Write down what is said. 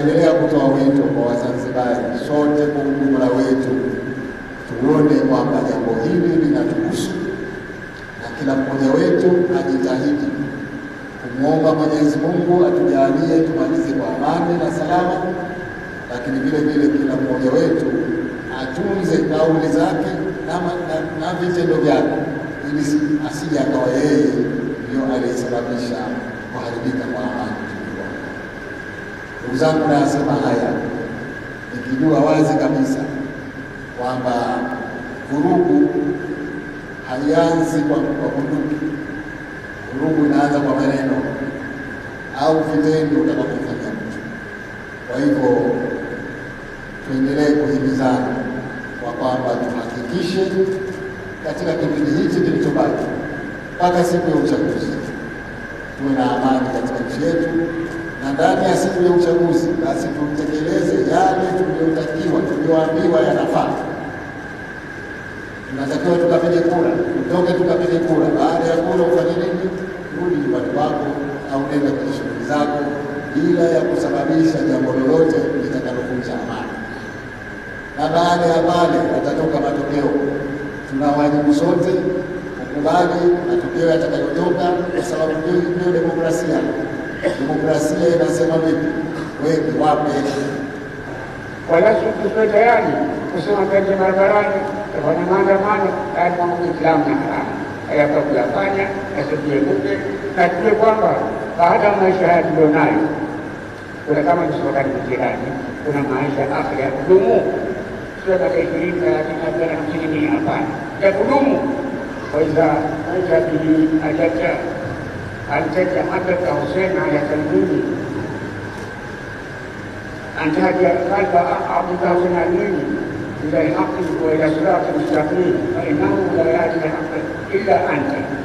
tunaendelea kutoa wito kwa Wazanzibari sote kwa ujumla wetu, tuone kwamba jambo hili linatuhusu na kila mmoja wetu ajitahidi kumwomba Mwenyezi Mungu atujalie tumalize kwa amani na salama, lakini vile vile kila mmoja wetu atunze kauli zake na, na, na vitendo vyake ili asije akawa yeye ndio aliyesababisha kuharibika kwa amani. Ndugu zangu, nayasema haya nikijua wazi kabisa kwamba vurugu haianzi kwa bunduki. Vurugu inaanza kwa maneno au vitendo utakavyofanya mtu. Kwa hivyo tuendelee kuhimizana kwa kwamba tuhakikishe katika kipindi hichi kilichobaki mpaka siku ya uchaguzi tuwe na amani katika nchi yetu ndani ya siku ya uchaguzi, basi tutekeleze yale tuliyotakiwa, tuliyoambiwa yanafaa. Tunatakiwa tukapige kura, tutoke tukapige kura. Baada ya kura ufanye nini? Rudi nyumbani kwako au nenda kwenye shughuli zako, bila ya kusababisha jambo lolote litakalovunja amani. Na baada ya pale yatatoka matokeo. Tuna wajibu sote kukubali matokeo yatakayotoka, kwa sababu ndio demokrasia. Demokrasia inasema vipi? Wengi wape walasu tukiwe tayari kusema tuende barabarani, tafanya maandamano lazima Uislamu na haramu ayapa kuyafanya, nasituebuke na tujue kwamba baada ya maisha haya nayo, kuna kama kisokaribu jirani, kuna maisha afya ya kudumu, sio miaka ishirini thelathini arobaini hamsini mia, hapana, ya kudumu. Kwa hiyo maisha ajili ajaja Anda tidak ada tahu sena yang terbunyi. Anda ajarkan bahawa Abu tahu sena ini. Tidak hati kuih dan surat yang sudah ini. Tidak ada yang ada yang ada. Tidak ada yang ada.